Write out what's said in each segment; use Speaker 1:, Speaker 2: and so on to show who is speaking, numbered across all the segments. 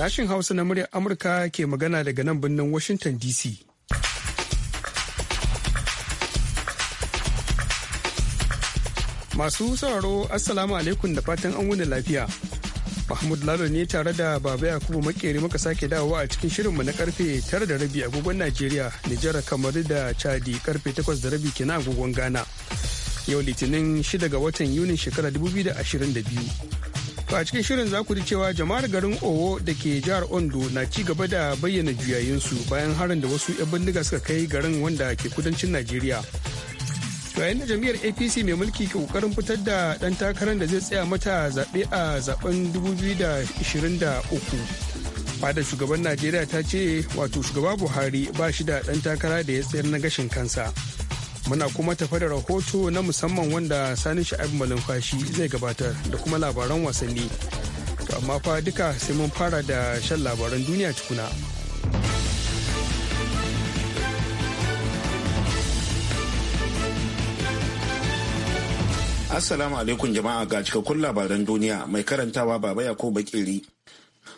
Speaker 1: Sashin Hausa na muryar Amurka ke magana daga nan birnin Washington DC. Masu sauraro Assalamu alaikum da fatan an wuni lafiya. Mahmud Lalo ne tare da Baba Yakubu Makeri muka sake dawowa a cikin shirinmu na karfe 9 da rabi agogon Najeriya, Nijar kamar da Chadi karfe 8 da rabi kenan agogon Ghana. Yau Litinin 6 ga watan Yunin shekara 2022. To a cikin shirin za ku ji cewa jama'ar garin Owo da ke jihar Ondo na ci gaba da bayyana juyayinsu bayan harin da wasu 'yan bindiga suka kai garin wanda ke kudancin Najeriya. To yayin da jam'iyyar APC mai mulki ke kokarin fitar da ɗan takarar da zai tsaya mata zaɓe a zaben 2023. Fadar shugaban Najeriya ta ce wato shugaba Buhari ba shi da ɗan takara da ya tsayar na gashin kansa. Muna kuma tafa da rahoto na musamman wanda Sani Sha'ib Malumfashi zai gabatar da kuma labaran wasanni. To amma fa duka sai mun fara da shan labaran duniya tukuna.
Speaker 2: Assalamu alaikum jama'a ga cikakkun labaran duniya mai karantawa Baba Yakubu Bakiri.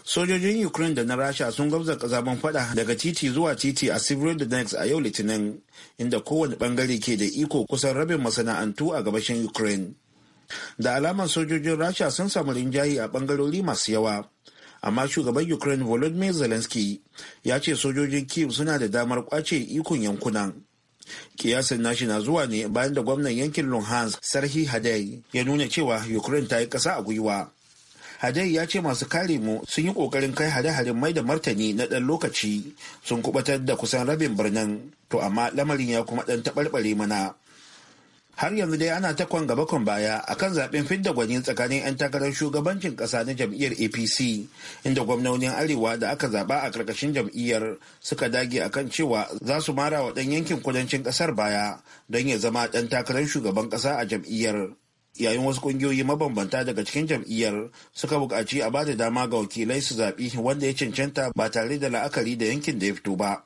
Speaker 2: sojojin ukraine da na rasha sun gwabza zaben fada daga titi zuwa titi a severodonetsk a yau litinin inda kowane bangare ke da iko kusan rabin masana'antu a gabashin ukraine da alamar sojojin rasha sun samu rinjaye a bangarori masu yawa amma shugaban ukraine volodymyr zelensky ya ce sojojin kiev suna da damar kwace ikon yankunan kiyasin nashi na zuwa ne bayan da gwamnan yankin luhansk sarhi hadai ya nuna cewa ukraine ta yi kasa a gwiwa Hadai ya ce masu kare mu sun yi kokarin kai hare-haren mai da martani na ɗan lokaci sun kubatar da kusan rabin birnin to amma lamarin ya kuma ɗan taɓarɓare mana. Har yanzu dai ana ta kwan gaba kwan baya akan zaɓen fidda gwani tsakanin 'yan takarar shugabancin ƙasa na jam'iyyar APC inda gwamnonin Arewa da aka zaɓa a ƙarƙashin jam'iyyar suka dage akan cewa za su mara wa ɗan yankin kudancin ƙasar baya don ya zama ɗan takarar shugaban ƙasa a jam'iyyar. yayin wasu kungiyoyi mabambanta daga cikin jam'iyyar suka buƙaci a bada dama ga wakilai su zaɓi wanda ya cancanta ba tare da la'akari da yankin da ya fito ba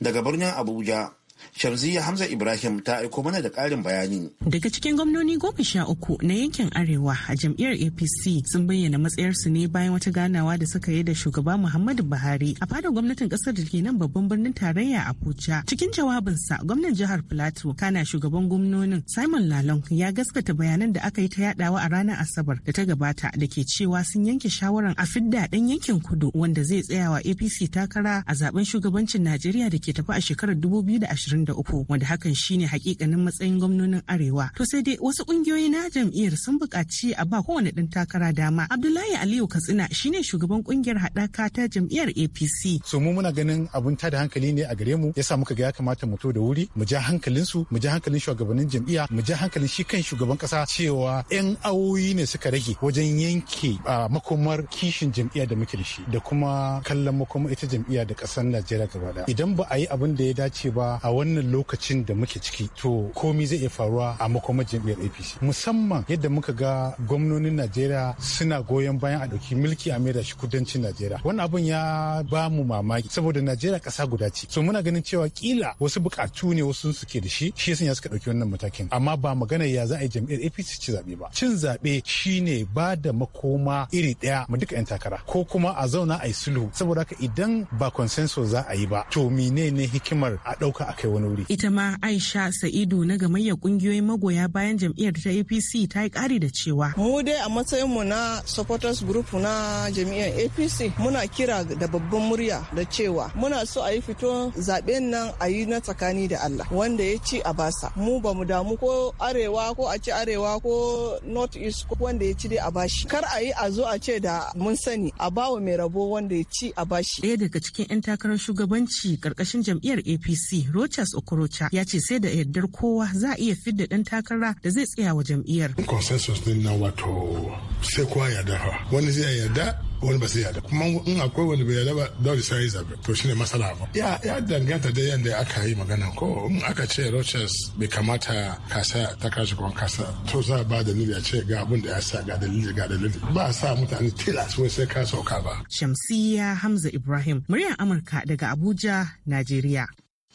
Speaker 2: daga birnin abuja Shamsiyya Hamza Ibrahim ta aiko mana da ƙarin bayani.
Speaker 3: Daga cikin gwamnoni goma sha uku na yankin Arewa a jam'iyyar APC sun bayyana matsayarsu ne bayan wata ganawa da suka yi da shugaba Muhammadu Buhari a fadar gwamnatin ƙasar da ke nan babban birnin tarayya Abuja. Cikin jawabinsa gwamnan jihar Plateau kana shugaban gwamnonin Simon Lalong ya gaskata bayanan da aka yi ta yadawa a ranar Asabar da ta gabata da ke cewa sun yanke shawaran a fidda ɗan yankin kudu wanda zai tsayawa APC takara a zaben shugabancin Najeriya da ke tafi a shekarar 2020. 2023 wanda hakan shine hakikanin matsayin gwamnonin arewa to sai dai wasu kungiyoyi na jam'iyyar sun bukaci a ba kowane ɗan takara dama abdullahi aliyu katsina shine shugaban kungiyar haɗaka ta jam'iyyar apc so mu muna ganin abun tada hankali ne
Speaker 4: a gare mu yasa muka ga ya kamata mu to da wuri mu ja hankalin su mu ja hankalin shugabannin jam'iyya mu ja hankalin shi kan shugaban kasa cewa yan awoyi ne suka rage wajen yanke makomar kishin jam'iyya da muke da shi da kuma kallon makomar ita jam'iyya da kasar najeriya gaba idan ba a yi abin da ya dace ba a wannan lokacin da muke ciki to komi zai iya faruwa a makomar jam'iyyar apc musamman yadda muka ga gwamnonin najeriya suna goyon bayan a ɗauki mulki a maida shi kudancin najeriya wannan abun ya ba mu mamaki saboda najeriya ƙasa guda ce so muna ganin cewa kila wasu bukatu ne wasu suke da shi shi ya suka ɗauki wannan matakin amma ba magana ya za a yi jam'iyyar apc ci zaɓe ba cin zaɓe shine ba da makoma iri ɗaya mu duka 'yan takara ko kuma a zauna a yi sulhu saboda haka idan ba consensus za a yi ba to menene hikimar a ɗauka a kai wani wuri.
Speaker 3: Ita ma Aisha Sa'idu na gamayyar kungiyoyin magoya bayan jam'iyyar ta APC ta yi ƙari da cewa. Mu dai a matsayin mu na supporters group na jam'iyyar APC muna kira da babban murya da cewa muna so a yi fito zaben nan a yi na tsakani da Allah wanda ya ci a basa. Mu ba mu damu ko arewa ko a ci arewa ko north east ko wanda ya ci dai a bashi. Kar a yi a zo a ce da mun sani a bawa mai rabo wanda ya ci a bashi. Ɗaya daga cikin 'yan takarar shugabanci ƙarƙashin jam'iyyar APC Roch Charles Okorocha ya ce sai da yardar kowa za a iya fidda ɗan takara da zai tsaya wa jam'iyyar.
Speaker 5: Consensus din nan wato sai kowa yarda wani zai yarda wani ba zai yarda kuma in akwai wani bai yarda ba dole sai ya zabe to shine masala ba ya ya danganta da yanda aka yi magana ko in aka ce Rochas bai kamata kasa ta kashe kuma kasa to za ba dalili a ce ga abin da ya sa ga dalili ga dalili ba sa mutane tilas wai
Speaker 3: sai ka sauka ba Shamsiya Hamza Ibrahim muryar Amurka daga Abuja Najeriya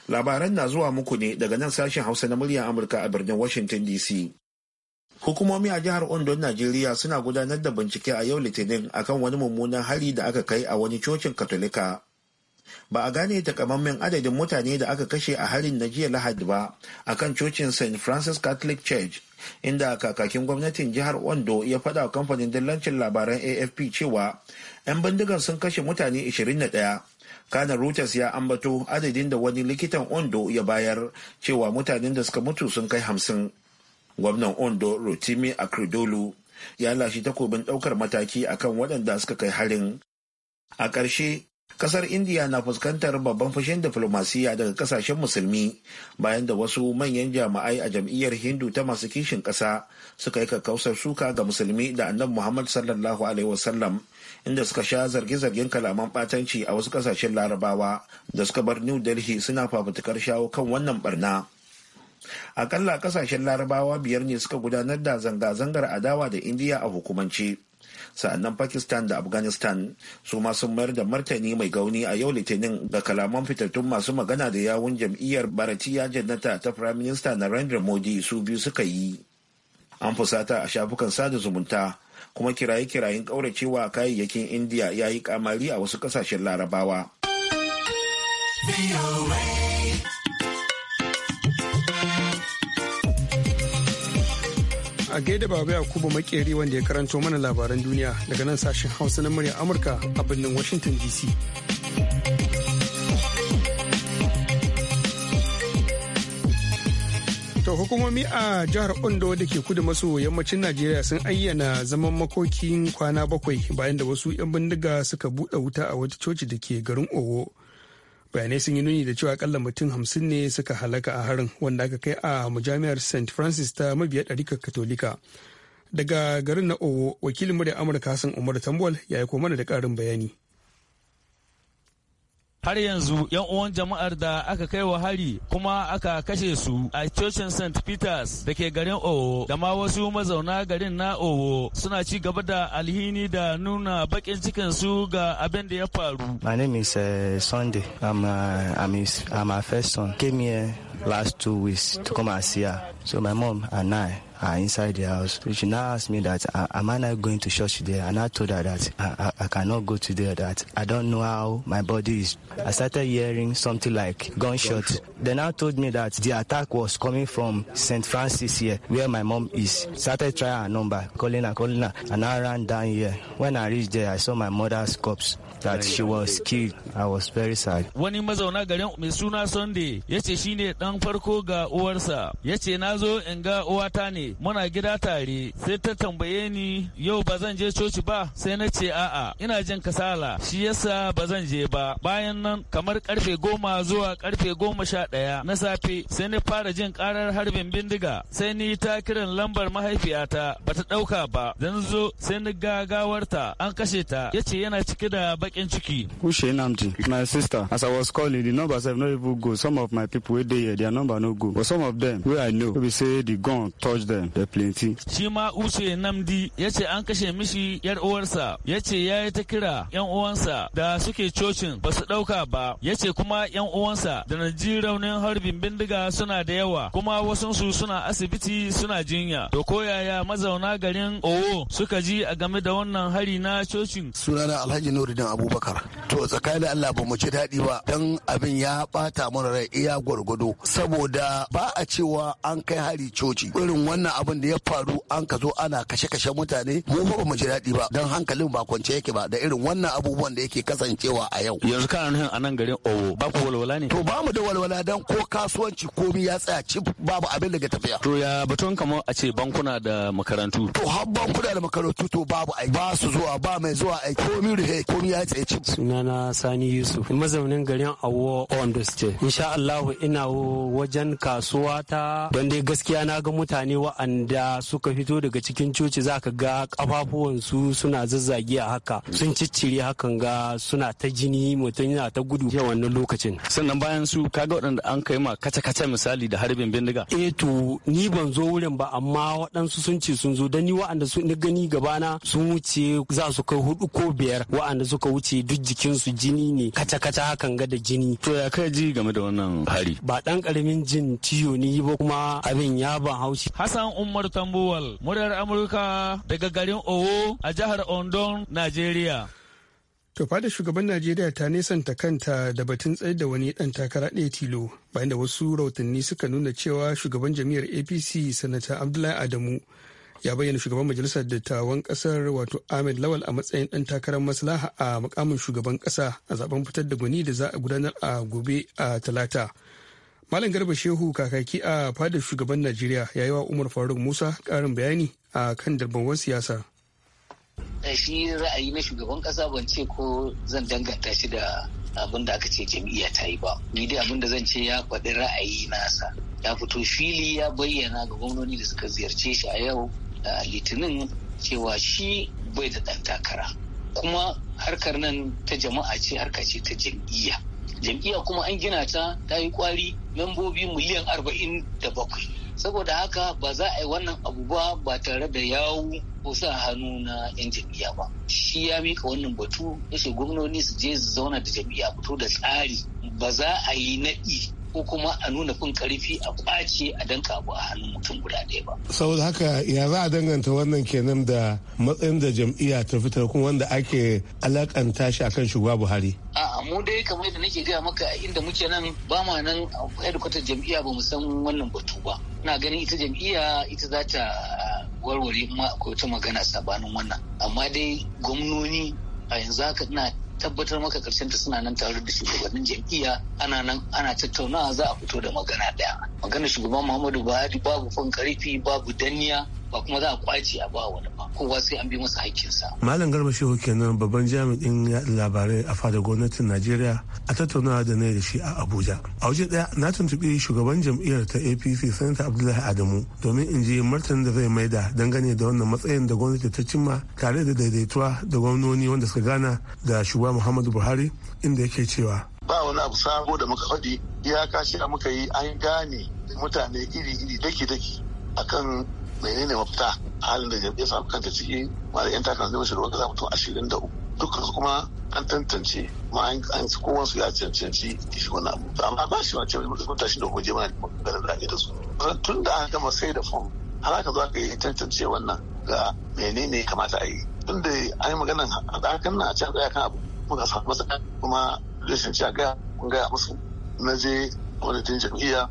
Speaker 2: Labaran na zuwa muku ne daga nan sashen Hausa na muryar Amurka a birnin Washington DC. Hukumomi a jihar Ondo, Najeriya suna gudanar da bincike a yau Litinin akan wani mummunan hari da aka kai a wani cocin Katolika. Ba a gane takamammen adadin mutane da aka kashe a harin na jiya Lahadi ba a kan cocin St. Francis Catholic Church, inda kakakin gwamnatin jihar Ondo ya faɗa kamfanin dillancin labaran AFP cewa 'yan bindigan sun kashe mutane 21. Kana Reuters ya ambato adadin da wani likitan Ondo ya bayar cewa mutanen da suka mutu sun kai hamsin. Gwamnan Ondo Rotimi Akredolu ya lashe takobin ɗaukar mataki akan waɗanda suka kai harin. A ƙarshe, ƙasar Indiya na fuskantar babban fashin diflomasiya daga ƙasashen musulmi bayan da wasu manyan jami'ai a jam'iyyar Hindu ta masu kishin ƙasa suka yi kakkausar suka ga musulmi da annabi Muhammad sallallahu alaihi wasallam inda suka sha zarge-zargen kalaman ɓatanci a wasu ƙasashen larabawa da suka bar new delhi suna fafutukar shawo kan wannan barna akalla ƙasashen larabawa biyar ne suka gudanar da zanga-zangar adawa da indiya a hukumance sa'annan pakistan da afghanistan su ma sun mayar da martani mai gauni a yau litinin ga kalaman fitattun masu magana da yawun jam'iyyar baratiya jannata ta firaminista narendra modi su biyu suka yi an fusata a shafukan sada zumunta kuma kiraye-kirayen ƙauracewa kayayyakin indiya ya yi kamari a wasu ƙasashen larabawa
Speaker 1: a gaida baba yakubu makeri wanda ya karanto mana labaran duniya daga nan sashen hausa na murya amurka a birnin washington dc To hukumomi a jihar Ondo da ke kudu maso yammacin Najeriya sun ayyana zaman makokin kwana bakwai bayan da wasu 'yan bindiga suka buɗe wuta a wata coci da ke garin Owo. Bayanai sun yi nuni da cewa akalla mutum hamsin ne suka halaka a harin wanda aka kai a mujami'ar St. Francis ta mabiya ɗarika Katolika. Daga garin na Owo, wakilin murya Amurka Hassan Umar Tambol ya yi mana da ƙarin bayani.
Speaker 6: har yanzu yan uwan jama'ar da aka kai wa hari kuma aka kashe su a cocin st peters da ke garin owo da ma wasu mazauna garin na owo suna ci gaba da alhini da nuna bakin cikin su ga abin da ya faru
Speaker 2: my name is uh, sunday i'm, uh, I'm, his, I'm her first son came here last two weeks to come and see her so my mom and i uh, inside the house. She now asked me that, uh, am I not going to church today? And I told her that I, I, I cannot go today, that I don't know how my body is. I started hearing something like
Speaker 3: gunshot. They now told me that the attack was coming from St. Francis here, where my mom is. Started trying her number, calling her, calling her, and I ran down here. When I reached there, I
Speaker 2: saw my mother's corpse that she was killed. I was very sad.
Speaker 6: Wani mazauna garin mai suna Sunday ya ce shi ne ɗan farko ga uwarsa. Ya ce na zo in ga uwata ne muna gida tare sai ta tambaye ni yau ba zan je coci ba sai na ce a'a ina jin kasala shi yasa ba zan je ba bayan nan kamar karfe goma zuwa karfe goma sha ɗaya na safe sai na fara jin karar harbin bindiga sai ni ta kiran lambar mahaifiyata ba ta ɗauka ba dan zo sai na gawarta an kashe ta yace yana cike da bakin ciki.
Speaker 7: kushe Namdi, my sister, as I was calling, the numbers have not even
Speaker 5: go. Some of my people wey dey here their number no go. But some of them, wey I know, be say the gun touch them. da plenty
Speaker 6: shi ma namdi ya ce an kashe mishi yar uwarsa ya ce ya yi ta kira yan uwansa da suke cocin ba su ɗauka ba ya ce kuma yan uwansa da na ji raunin harbin bindiga suna da yawa kuma wasunsu suna asibiti suna jinya to yaya mazauna garin owo suka ji a game da wannan hari na cocin
Speaker 8: sunana alhaji nuruddin abubakar to tsakanin allah ba mu ci daɗi ba Dan abin ya ɓata mana rai iya gwargwado saboda ba a cewa an kai hari coci irin wannan wannan abin da ya faru an ka zo ana kashe-kashe mutane mu ba mu ji daɗi ba don hankalin ba kwance yake ba da irin wannan abubuwan da yake kasancewa
Speaker 6: a yau yanzu kana nan a nan garin owo ba ku walwala ne to ba mu
Speaker 8: da walwala dan ko kasuwanci komi ya tsaya cif babu abin da ga tafiya to ya batun kamar a ce
Speaker 6: bankuna da makarantu to har
Speaker 8: bankuna da makarantu to babu aiki ba su zuwa ba mai zuwa aiki
Speaker 6: komi rihe komi ya tsaya cif sunana sani yusuf mazaunin garin awo ondo state insha Allah ina wajen kasuwa ta don dai gaskiya na ga mutane wa wa'anda suka fito daga cikin coci za ka ga kafafuwansu suna zazzage a haka sun ciccire hakan ga suna ta jini mutum yana ta gudu ya wannan lokacin sannan bayan su kaga waɗanda an kai ma kaca-kaca misali da harbin bindiga eh to ni ban zo wurin ba amma waɗansu sun ce sun zo dan ni wa'anda ni gani gabana sun wuce za su kai hudu ko biyar wa'anda suka wuce duk jikinsu jini ne kaca-kaca hakan ga da jini to ya kai ji game da wannan hari ba dan karamin jin ciwo ni ba kuma abin ya ban haushi hasan Sunan Umar Tambuwal, muryar Amurka daga garin Owo a jihar Ondon Najeriya.
Speaker 1: To fada shugaban Najeriya ta nesanta kanta da batun tsayar da wani ɗan takara ɗaya tilo bayan da wasu rahotanni suka nuna cewa shugaban jami'ar APC sanata Abdullahi Adamu ya bayyana shugaban majalisar dattawan Kasar wato Ahmed Lawal a matsayin ɗan takarar maslaha a mukamin shugaban ƙasa a zaben fitar da gwani da za a gudanar a gobe a talata. Malam Garba Shehu kakaki a fadar shugaban Najeriya ya yi wa Umar Faruk Musa karin bayani a kan darbawan siyasa.
Speaker 9: Eh, shi ra'ayi na shugaban ƙasa ban ce ko zan danganta shi da abin da aka ce jam'iyya ta yi ba. Ni dai abin da zan ce ya faɗi ra'ayi nasa. Ya fito fili ya bayyana ga gwamnoni da suka ziyarce shi a yau a litinin cewa shi bai da ɗan takara. Kuma harkar nan ta jama'a ce harka ce ta jam'iyya. jam'iyya kuma an gina ta ta yi kwari membobi miliyan arba'in da bakwai saboda haka ba za a yi wannan abu ba ba tare da yawu ko sa hannu na yan jam'iyya ba shi ya mika wannan batu ya ce gwamnoni su je su zauna da jam'iyya fito da tsari ba za a yi naɗi ko kuma a nuna fin karfi a kwace a danka abu a hannun mutum guda ɗaya ba.
Speaker 4: saboda haka ya za a danganta wannan kenan da matsayin da jam'iyya ta fitar kuma wanda ake alakanta shi akan shugaba buhari.
Speaker 9: a'a mu dai kamar yadda nake gaya maka inda muke nan ba ma nan hedkwatar jam'iyya ba mu san wannan batu ba Ina ganin ita jam'iyya ita za ta warware ma akwai wata magana sabanin wannan amma dai gwamnoni a yanzu haka na tabbatar maka karshen ta suna nan tare da shugabannin jam'iyya ana nan ana tattaunawa za a fito da magana daya magana shugaban muhammadu buhari babu fan karfi babu danniya ba kuma za a kwace a ba wani ba kowa sai an bi masa haƙƙinsa.
Speaker 4: malam garba shehu kenan babban jami'in yaɗa labarai a fadar gwamnatin najeriya a tattaunawa da na da shi a abuja a waje ɗaya na tuntuɓi shugaban jam'iyyar ta apc sanata abdullahi adamu domin in ji martanin da zai maida dangane da wannan matsayin da gwamnati ta cimma tare da daidaituwa da gwamnoni wanda suka gana da shugaba muhammadu buhari inda yake cewa
Speaker 8: ba wani abu sabo da muka faɗi iyaka shi muka yi an gane mutane iri-iri daki-daki akan menene mafita halin da jami'ai samu kanta ciki ma da 'yan takarar zama shugaban kasa mutum ashirin da uku dukkan su kuma an tantance ma an su kowa su ya cancanci shi wani abu amma ba shi wancan mutum kuma tashi da hoje mana maganar da da su tun da aka gama sai da fom har aka zo aka yi tantance wannan ga menene kamata a yi tun da an yi maganar hakan na can tsaya kan abu muka samu masa kuma rashin ci a gaya kun gaya musu na je wani jam'iyya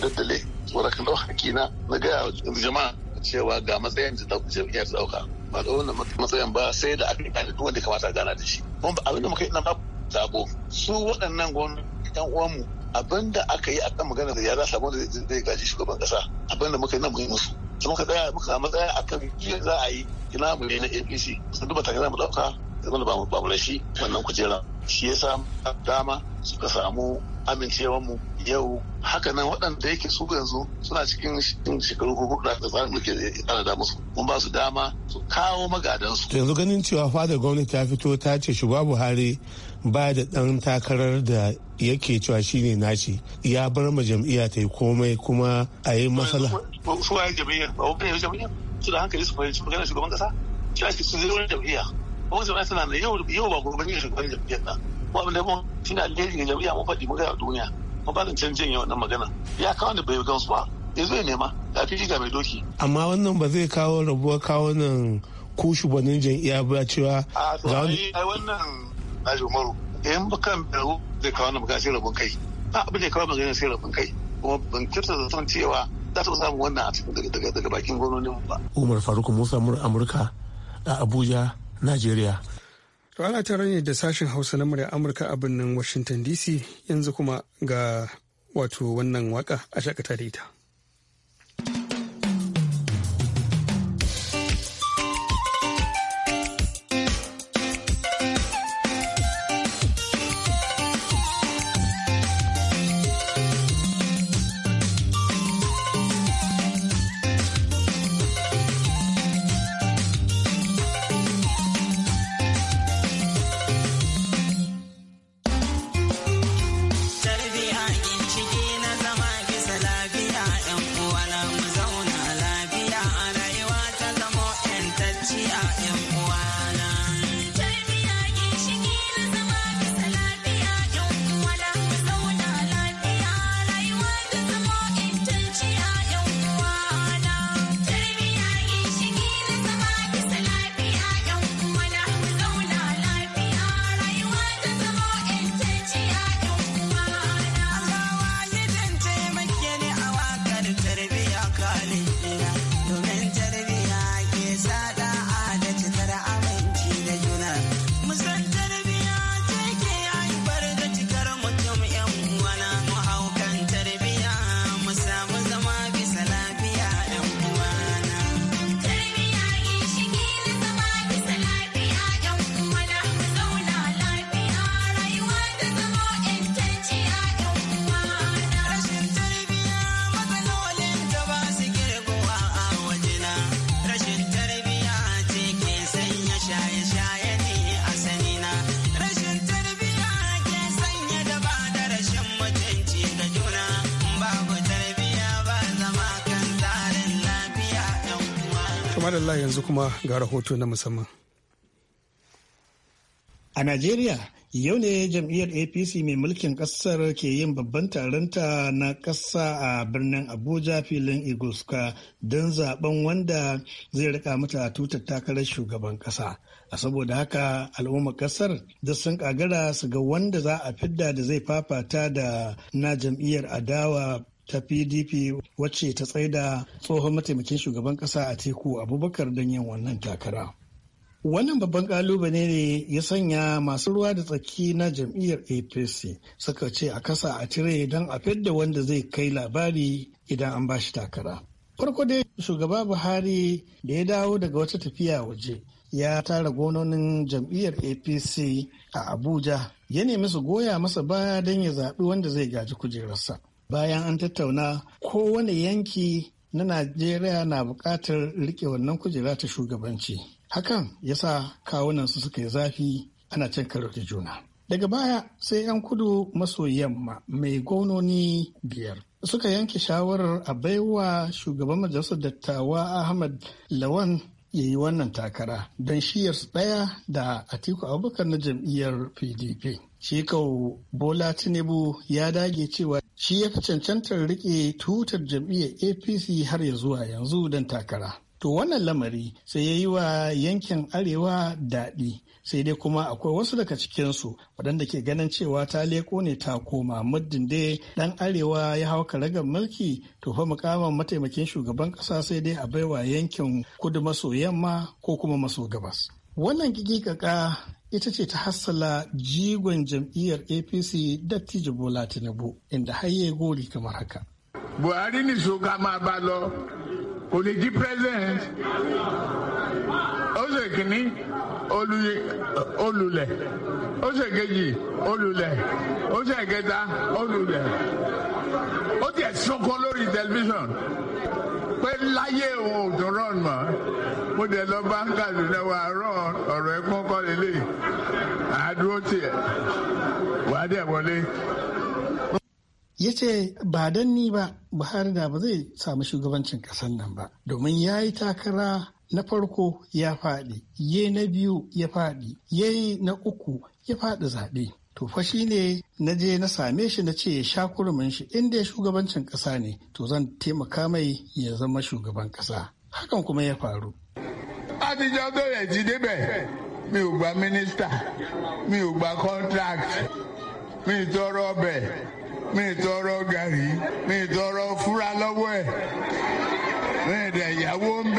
Speaker 8: daddale wadda kan ɗau hakina na gaya jama'a cewa ga matsayin da jam'iyyar ta dauka ba da wannan matsayin ba sai da aka gane duk wanda kamata gana da shi kuma ba abinda muka yi nan ba sabo su waɗannan gwamnati ɗan uwanmu abinda aka yi a kan magana da yara sabon da zai gaji shugaban kasa abinda muka yi nan mun su sai muka tsaya muka matsaya kan yi za a yi ina mu ne na APC sun duba takara mu dauka zaman ba mu ba mu da shi wannan kujera shi yasa dama suka samu amincewar mu yau haka nan waɗanda yake su yanzu suna cikin shekaru hudu da tsarin da ya da musu mun ba su dama su kawo magadansu.
Speaker 4: yanzu ganin cewa fadar gwamnati ta fito ta ce shugaba buhari ba da ɗan takarar da yake cewa shine nashi ya bar ma jam'iyya ta yi komai kuma a yi masala.
Speaker 8: su waye jam'iyyar ba wani jam'iyyar su da hankali su fahimci magana shugaban kasa shi ake sun zai wani jam'iyya wani jam'iyya suna yau ba gobe ne shugaban jam'iyyar na. kuma abin da mun shi na jam'iyya mun faɗi mun gaya duniya canjin yau na magana ya kawo da bai gansu ba ya zai nema ya fi ga mai doki.
Speaker 4: amma wannan ba zai kawo rabuwa kawo nan ko shugabannin jam'iyya ba cewa ga
Speaker 8: wani. ai wannan Alhaji Umaru in ba kan biro zai kawo wannan magana sai rabon kai ba abin da ya kawo magana sai rabon kai kuma ban kirta da san cewa za ta samu wannan a cikin daga daga bakin gwamnonin ba.
Speaker 4: Umar Faruk Musa Amurka a Abuja, Najeriya.
Speaker 1: rana ta tare ne da sashen Hausa na murya Amurka a birnin Washington DC yanzu kuma ga wato wannan waka a shakata da ita. kamar Allah yanzu kuma ga rahoto na musamman.
Speaker 7: A Najeriya, yau ne jam'iyyar APC mai mulkin ƙasar ke yin babban taronta na ƙasa a birnin Abuja filin Igoska don zaben wanda zai rika mata tutar takarar shugaban ƙasa. A saboda haka al'ummar ƙasar da sun kagara su ga wanda za a fidda da zai fafata da na jam'iyyar adawa ta pdp wacce ta tsaida tsohon mataimakin shugaban kasa a teku abubakar don yin wannan takara wannan babban kalubale ne ya sanya masu ruwa da tsaki na jam'iyyar apc suka ce a kasa a tire don a fidda wanda zai kai labari idan an bashi takara farko dai shugaba buhari da ya dawo daga wata tafiya waje ya tara gononin jam'iyyar apc a abuja ya nemi su goya masa baya don ya zaɓi wanda zai gaji kujerarsa bayan an tattauna kowane yanki na najeriya na buƙatar rike wannan kujera ta shugabanci hakan ya sa kawunan su suka yi zafi ana can karo juna daga baya sai 'yan kudu maso yamma mai gononi biyar suka yanke shawarar a baiwa shugaban majalisar dattawa ahmad lawan ya yi wannan takara don su ɗaya da Atiku Abubakar na jam'iyyar PDP. Shi Bola Tinubu ya dage cewa shi ya fi cancantar rike tutar jam'iyyar APC har ya zuwa yanzu don takara. To wannan lamari sai ya yi wa yankin Arewa daɗi sai dai kuma akwai wasu daga cikinsu waɗanda ke ganin cewa ta leko ne ta koma muddin dai ɗan arewa ya hau karagar mulki to fa mukamin mataimakin shugaban ƙasa sai dai a baiwa yankin kudu maso yamma ko kuma maso gabas. Wannan kikikaka ita ce ta hassala jigon jam'iyyar APC Dattijo Bola Tinubu inda har ya
Speaker 1: gori kamar haka.
Speaker 7: Buhari ni ma ba lo, kò president, ó kini, olule
Speaker 4: oṣù kejì olulẹ̀ oṣù kẹta olulẹ̀ ó tiẹ̀ sunkún lórí tẹlifíṣàn pé láyé òun ò tún
Speaker 5: rán mọ́ mo dẹ̀ lọ bá ń kàdúnà wa rán ọ̀rọ̀ ẹ̀gbọ́n kọ́ lélẹ̀ àádúró tiẹ̀ wàá dẹ̀ wọlé.
Speaker 7: ya ce ba don ni ba buhari da ba zai samu shugabancin kasar nan ba domin ya yi takara na farko ya faɗi ye na biyu ya faɗi ye na uku ya faɗi zaɓe to fa shi ne na je na same shi na ce ya sha kurumin shi inda ya shugabancin ƙasa ne to zan taimaka mai ya zama shugaban ƙasa hakan kuma ya faru
Speaker 5: àtijọ́ tó ji ti mi o gba mínísítà mi o gba contract mi tọrọ ọbẹ̀ mi tọrọ gari mi tọrọ fura lọ́wọ́ ẹ̀ mi ì ìyàwó ń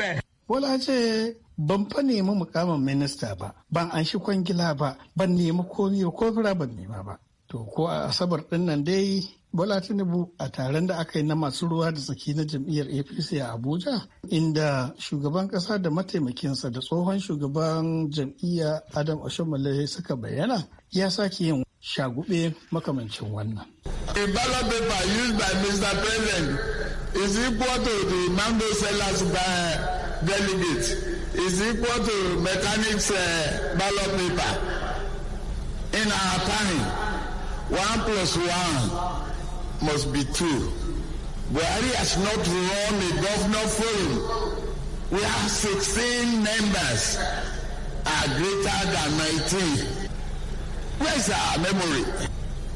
Speaker 7: Wala ce ban fa nemi mukamin minista ba, ban an shi kwangila ba, ban nemi komi ko fura ban nema ba. To ko a asabar din nan dai Bola Tinubu a taron da aka yi na masu ruwa da tsaki na jam'iyyar APC a Abuja inda shugaban kasa da mataimakinsa da tsohon shugaban jam'iyya Adam oshomale suka bayyana ya sake yin shagube makamancin wannan.
Speaker 6: A ballot paper used by Mr. President is equal to the sellers by delegate is equal to mechanics uh, ballot paper. In our time, one plus
Speaker 9: one
Speaker 6: must
Speaker 5: be two. Buhari has not run a governor forum. We have sixteen members are greater than nineteen.
Speaker 6: where is our memory?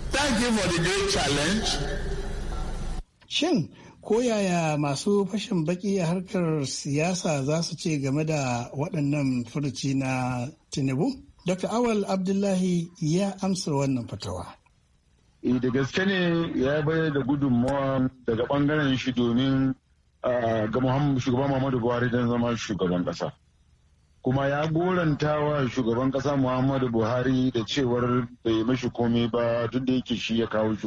Speaker 6: Thank you for the great challenge.
Speaker 7: Shin, Ko yaya masu fashin baki a harkar siyasa za su ce game da waɗannan furuci na Tinubu? Dr. Awal Abdullahi ya amsa wannan fatawa.
Speaker 5: E, da gaske ne ya bayar da gudunmawa daga ɓangaren shi domin ga shugaban Muhammadu Buhari don zama shugaban ƙasa, Kuma ya goranta wa shugaban ƙasa Muhammadu Buhari da cewar bai mashi komai ba duk da yake shi ya kawo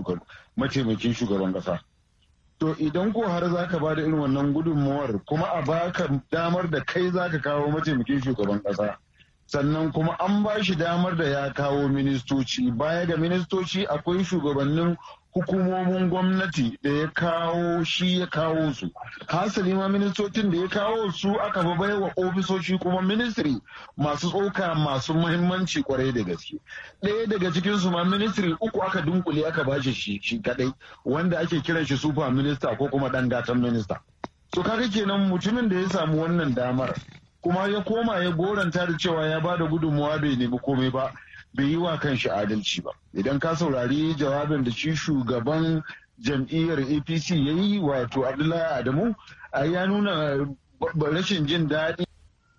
Speaker 5: mataimakin shugaban ƙasa. To idan ko har za ka ba da irin wannan gudunmuwar kuma a baka damar da kai za ka kawo mataimakin shugaban ƙasa. Sannan kuma an ba shi damar da ya kawo ministoci. Baya ga ministoci akwai shugabannin hukumomin gwamnati da ya kawo shi ya kawo su hasali ma ministocin da ya kawo su aka ba wa ofisoshi kuma ministry masu tsoka masu mahimmanci kwarai da gaske ɗaya daga cikin su ma ministry uku aka dunkule aka bashi shi shi kadai wanda ake kiran shi super minister ko kuma dan gatan minister to kaga kenan mutumin da ya samu wannan damar kuma ya koma ya goranta da cewa ya ba da gudunmuwa bai nemi komai ba bai yi wa kanshi adalci ba idan ka saurari jawabin da shi shugaban jam'iyyar apc ya yi wato abdullahi adamu ya nuna rashin jin daɗi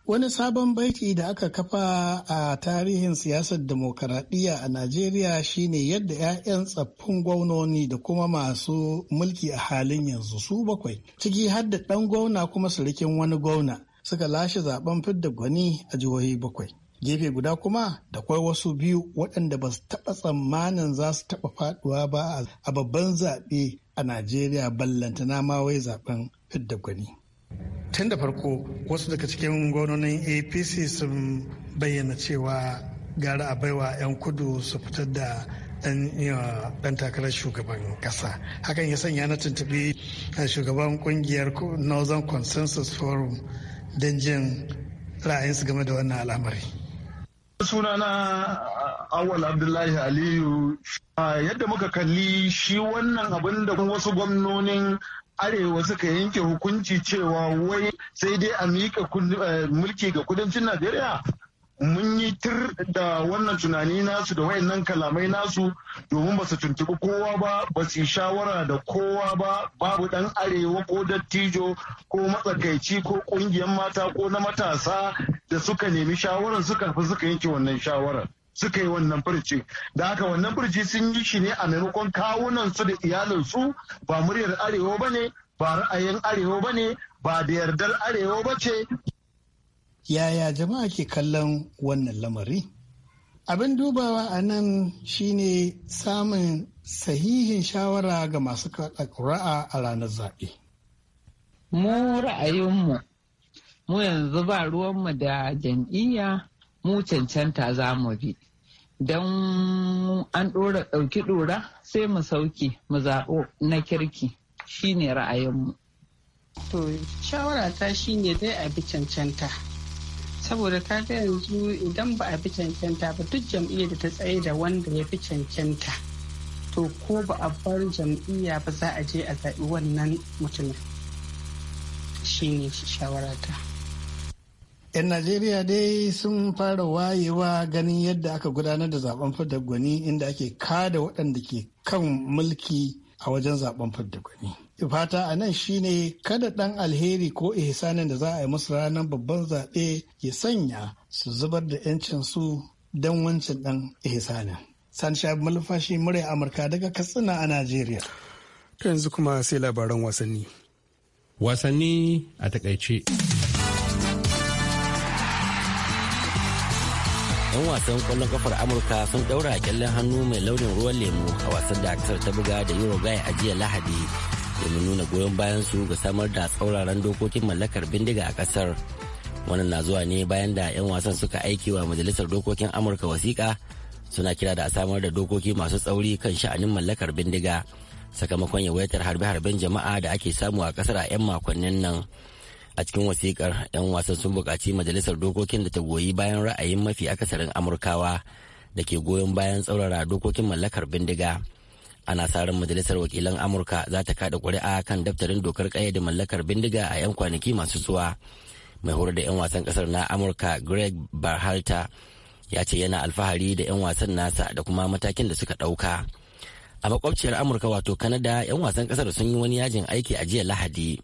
Speaker 7: wani sabon baiti da aka kafa a tarihin siyasar demokaradiyya a najeriya shine yadda 'ya'yan tsaffin gwamnoni da kuma masu mulki a halin yanzu su bakwai ciki har da ɗan gwamna kuma surikin wani gwamna suka lashe zaben fidda gwani a jihohi bakwai gefe guda kuma da kwai wasu biyu waɗanda ba su taɓa tsammanin za su taɓa faɗuwa ba a babban zaɓe a najeriya na ma wai zaɓen fidda gwani tun da farko wasu daga cikin gwamnonin apc sun bayyana cewa gara a baiwa 'yan kudu su fitar da dan takarar shugaban kasa hakan ya sanya na tuntubi eh, shugaban ƙungiyar northern consensus forum don jin ra'ayinsu game da wannan al'amari
Speaker 5: sunana uh, awal abdullahi aliyu yadda muka kalli shi wannan abin da wasu gwamnonin arewa suka yanke hukunci cewa wai sai dai a miƙa uh, mulki ga kudancin najeriya mun yi tir da wannan tunani nasu da wayannan kalamai nasu domin ba su tuntuɓi kowa ba ba su shawara da kowa ba babu ɗan arewa ko dattijo ko matsakaici ko ƙungiyar mata ko na matasa da suka nemi shawarar suka fi suka yanke wannan shawarar suka yi wannan furci da haka wannan furci sun yi shi ne a maimakon kawunan su da iyalin su ba muryar arewa ba ne ba ra'ayin arewa ba ne ba da yardar arewa ba ce
Speaker 7: Yaya jama'a ke kallon wannan lamari? Abin dubawa a nan shine samun sahihin shawara ga masu
Speaker 9: ƙura'a a ranar zaɓe. Mu ra'ayinmu, mu yanzu ba ruwanmu da jam'iyya mu cancanta za mu bi. Don an ɗora ɗauki ɗora sai mu sauki mu zaɓo na
Speaker 3: kirki shine ra'ayinmu. To, shawara ta shine dai a bi cancanta. saboda ka ga yanzu idan ba a fi cancanta ba duk jam'iyyar da ta tsaye da wanda ya fi cancanta to ko ba a bar jam'iyya ba za a je a zaɓi wannan mutumin shi ne shawarata.
Speaker 7: 'yan najeriya dai sun fara wayewa ganin yadda aka gudanar da zaben fadda gwani inda ake kada waɗanda ke kan mulki a wajen zaben fadda gwani fata a nan shine kada ɗan alheri ko ihsanin da za a yi musu ranar babban zaɓe ya sanya su zubar da 'yancinsu don wancin ɗan ihsanin. Sansha Malfashi murai Amurka daga Katsina a Najeriya.
Speaker 1: Yanzu kuma sai labaran wasanni.
Speaker 3: Wasanni a takaice.
Speaker 10: yan wasan kwallon kafar amurka sun daura kyallen hannu mai launin ruwan lemu a wasan da ta buga da gaya a jiya lahadi domin nuna goyon bayan su ga samar da tsauraran dokokin mallakar bindiga a kasar wannan na zuwa ne bayan da 'yan wasan suka aiki wa majalisar dokokin amurka wasiƙa suna kira da a samar da dokoki masu tsauri kan sha'anin mallakar bindiga sakamakon yawaitar harbe-harben jama'a da ake samu a kasar a 'yan makonnin nan a cikin wasikar 'yan wasan sun buƙaci majalisar dokokin da ta goyi bayan ra'ayin mafi akasarin amurkawa da ke goyon bayan tsaurara dokokin mallakar bindiga. ana sa majalisar wakilan amurka za ta kada kuri'a kan daftarin dokar da mallakar bindiga a 'yan kwanaki masu zuwa mai horar da 'yan wasan kasar na amurka greg barhalta ya ce yana alfahari da 'yan wasan nasa da kuma matakin da suka ɗauka a makwabciyar amurka wato kanada 'yan wasan kasar sun yi wani yajin aiki a jiya lahadi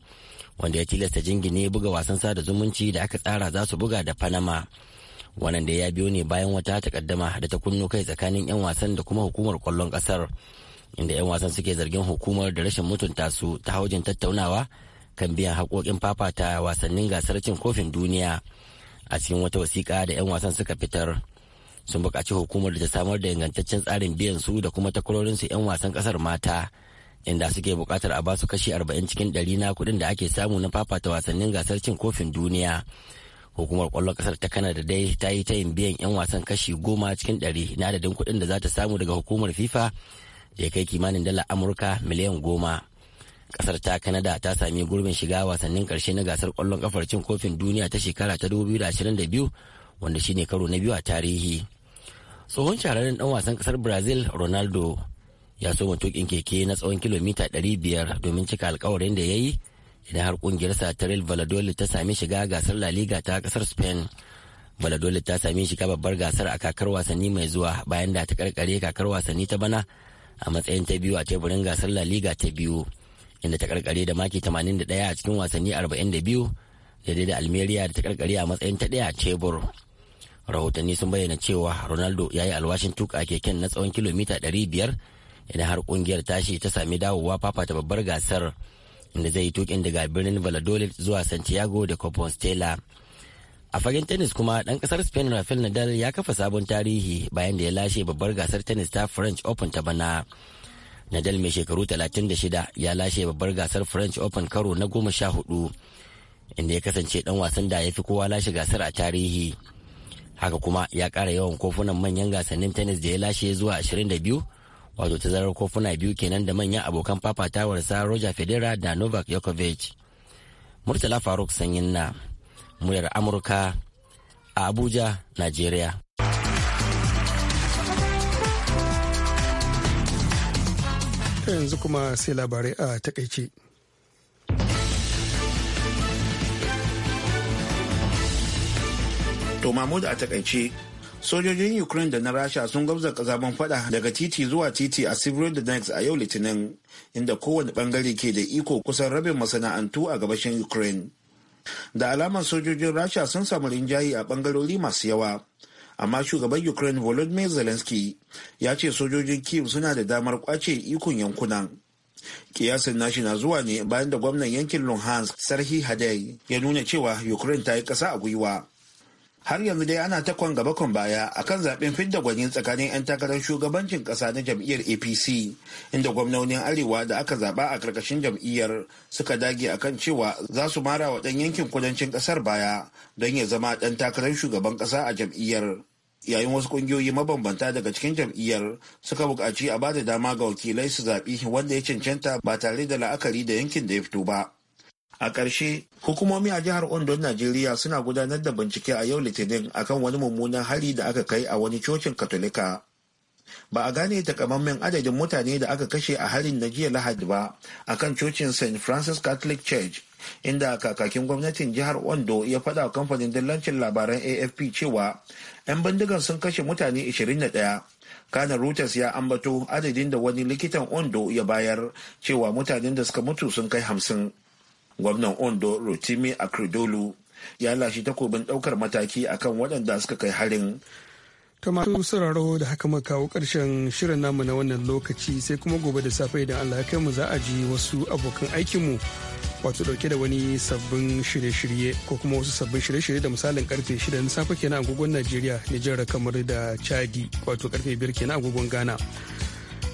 Speaker 10: wanda ya tilasta jingine buga wasan sada zumunci da aka tsara za su buga da panama wannan da ya biyo ne bayan wata takaddama da ta kunno kai tsakanin 'yan wasan da kuma hukumar kwallon kasar inda 'yan wasan suke zargin hukumar da rashin mutunta su ta haujin tattaunawa kan biyan haƙoƙin fafata wasannin gasar cin kofin duniya a cikin wata wasiƙa da 'yan wasan suka fitar sun buƙaci hukumar da ta samar da ingantaccen tsarin biyan su da kuma takwarorinsu 'yan wasan ƙasar mata inda suke buƙatar a basu kashi 40 cikin 100 na kuɗin da ake samu na fafata wasannin gasar cin kofin duniya hukumar ƙwallon ƙasar ta kanada dai ta yi ta yin biyan 'yan wasan kashi goma cikin 100 na adadin kuɗin da za ta samu daga hukumar fifa da ya kai kimanin dala amurka miliyan goma kasar ta kanada ta sami gurbin shiga wasannin karshe na gasar kwallon kafar cin kofin duniya ta shekara ta 2022 wanda shine karo na biyu a tarihi tsohon shahararren dan wasan kasar brazil ronaldo ya so matukin keke na tsawon kilomita 500 domin cika alkawarin da ya yi idan har kungiyarsa ta real valladolid ta sami shiga gasar la liga ta kasar spain valladolid ta sami shiga babbar gasar a kakar wasanni mai zuwa bayan da ta karkare kakar wasanni ta bana a matsayin ta biyu a teburin gasar La Liga ta biyu inda ta karkare da maki 81 a cikin wasanni 42 daidai da Almeria da ta karkare a matsayin ta daya a tebur. Rahotanni sun bayyana cewa Ronaldo ya yi alwashin tuka keken na tsawon kilomita 500 idan har kungiyar tashi ta sami dawowa ta babbar gasar inda zai yi tukin daga birnin Valladolid zuwa Santiago de Compostela. a fagen tennis kuma ɗan ƙasar spain rafael nadal ya kafa sabon tarihi bayan da ya lashe babbar gasar tennis ta french open ta bana nadal mai shekaru 36 ya lashe babbar gasar french open karo na goma sha hudu inda ya kasance ɗan wasan da ya fi kowa lashe gasar a tarihi haka kuma ya ƙara yawan kofunan manyan gasannin tennis da ya lashe zuwa 22 wato tazarar kofuna biyu kenan da manyan abokan fafatawarsa roger federer da novak djokovic murtala faruk sanyin na muryar amurka a abuja najeriya
Speaker 1: yanzu kuma sai labarai a takaice
Speaker 2: to mahmud a takaice sojojin ukraine da na rasha sun gwabza kazaban fada daga titi zuwa titi a severodonetsk a yau litinin inda kowane bangare ke da iko kusan rabin masana'antu a gabashin ukraine da alamar sojojin rasha sun samu rinjaye a bangarori masu yawa amma shugaban ukraine volodymyr zelensky ya ce sojojin kiev suna da damar kwace ikon yankunan kiyasin nashi na zuwa ne bayan da gwamnan yankin luhansk sarhi hadai ya nuna cewa ukraine ta yi kasa a gwiwa har yanzu dai ana ta kwan gaba kwan baya kan zaɓen fidda gwani tsakanin 'yan takarar shugabancin ƙasa na jam'iyyar apc inda gwamnonin arewa da aka zaɓa a ƙarƙashin jam'iyyar suka dage a kan cewa za su mara wa ɗan yankin kudancin ƙasar baya don ya zama ɗan takarar shugaban ƙasa a jam'iyyar yayin wasu ƙungiyoyin mabambanta daga cikin jam'iyyar suka buƙaci a ba da dama ga wakilai su zaɓi wanda ya cancanta ba tare da la'akari da yankin da ya fito ba A ƙarshe, hukumomi a jihar Ondo Najeriya suna gudanar da bincike a yau Litinin akan wani mummunan hari da aka kai a wani cocin Katolika. Ba a gane takamammen adadin mutane da aka kashe a harin na jiya Lahadi ba a kan cocin St. Francis Catholic Church, inda kakakin gwamnatin jihar Ondo ya faɗa kamfanin dillancin labaran AFP cewa 'yan bindigan sun kashe mutane 21. kana Reuters ya ambato adadin da wani likitan Ondo ya bayar cewa mutanen da suka mutu sun kai hamsin. gwamnan ondo rotimi akridolu ya lashe takobin daukar mataki akan waɗanda suka kai harin
Speaker 1: ta masu sauraro da haka makawo kawo ƙarshen shirin namu na wannan lokaci sai kuma gobe da safe idan allah kai mu za a ji wasu abokan aikinmu wato dauke da wani sabbin shirye-shirye ko kuma wasu sabbin shirye-shirye da misalin karfe 6 na safe kenan agogon najeriya nijar kamar da chadi wato karfe biyar kenan agogon ghana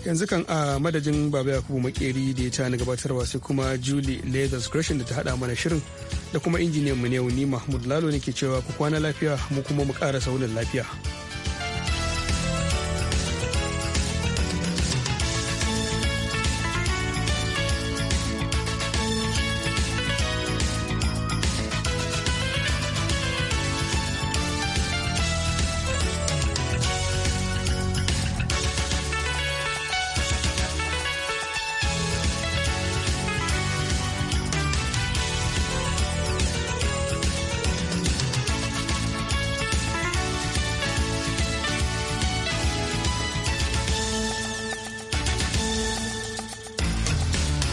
Speaker 1: yanzu kan a madajin baba yakubu makeri da ya ta gabatarwa sai kuma julie leathers gresham da ta hada mana shirin da kuma injiniyan mu ne ni mahmud lalo ne ke cewa ku kwana lafiya mu kuma mu ƙara saunin lafiya